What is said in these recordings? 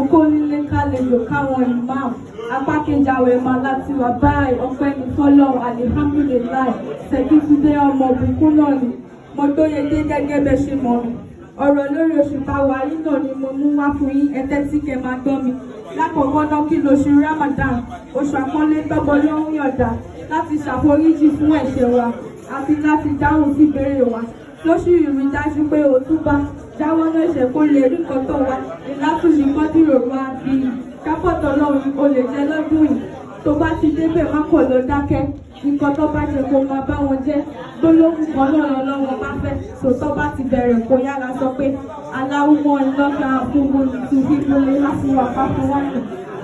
Okòólélé kálejò káwọn imam apákejì àwọn ẹ̀ma láti wà báyìí ọpẹ́ ní fọlọ́run alihamdulilayi ṣèkìtúndé ọmọ òbíkún náà ni mo tóye dé gẹ́gẹ́ bẹ́ ṣe mọ̀ mi ọ̀rọ̀ lórí oṣù táwa yìí náà ni mo mú wá fún yín ẹtẹ́ tí kẹ máa gbọ́ mi lákọ̀ọ́kọ́ náà kí lóṣù Ramadan oṣù àpọ́nlé tọ́gbọ́ ló ń yọ̀dà láti ṣàforíjì fún ẹ̀ṣẹ̀ wa àti láti dáhùn sí ìbéèrè wa lóṣù ìrìn dájú pé òtúbà jáwọ́ náà ṣẹ̀ kó lè rí nǹkan tó wà bí yorùbá bí kápọ̀tọ̀ lọ́run o lè jẹ lọ́dún yìí tó bá ti débẹ̀ má kọ̀ lọ dákẹ́ nǹkan tó bá jẹ kó máa bá wọn jẹ gbólóhùn kan náà lọ́lọ́wọ́ bá fẹ́ tòótọ́ bá ti bẹ̀rẹ̀ kó yára sọ pé aláwọ̀ ńlọ́ta fún wọn ti fi gbólé láfúnwà fáfúnwà nù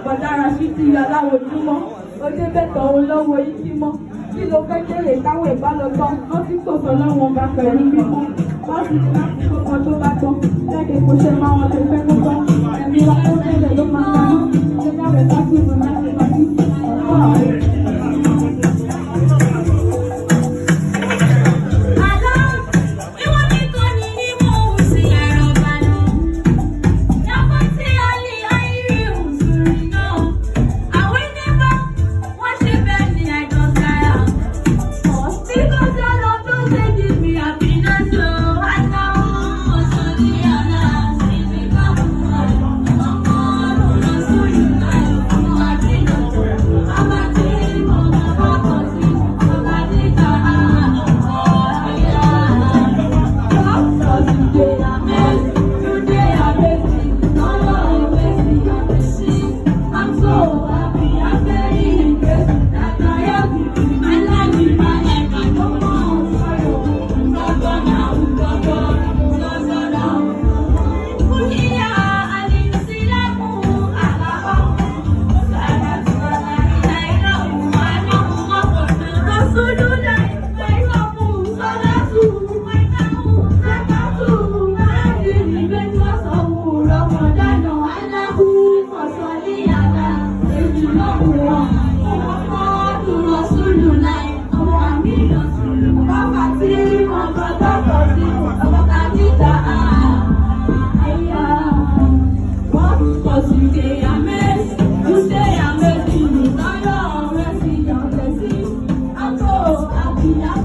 bọ̀dára sí ti yọ láwòjúmọ́ ó débẹ̀ tọ̀ òun lọ́wọ́ yìí kí mọ́ kí ló fẹ́ kéré táwọn ìbálòpọ̀ ó ti kòtò lọ́wọ́ bá pẹ̀lú mímọ́ wọ́n sì ti láti kó kan tó bá tán lẹ́kẹ̀ẹ́ kó ṣe máa wọn lè fẹ́ kó tán. Thank you. Love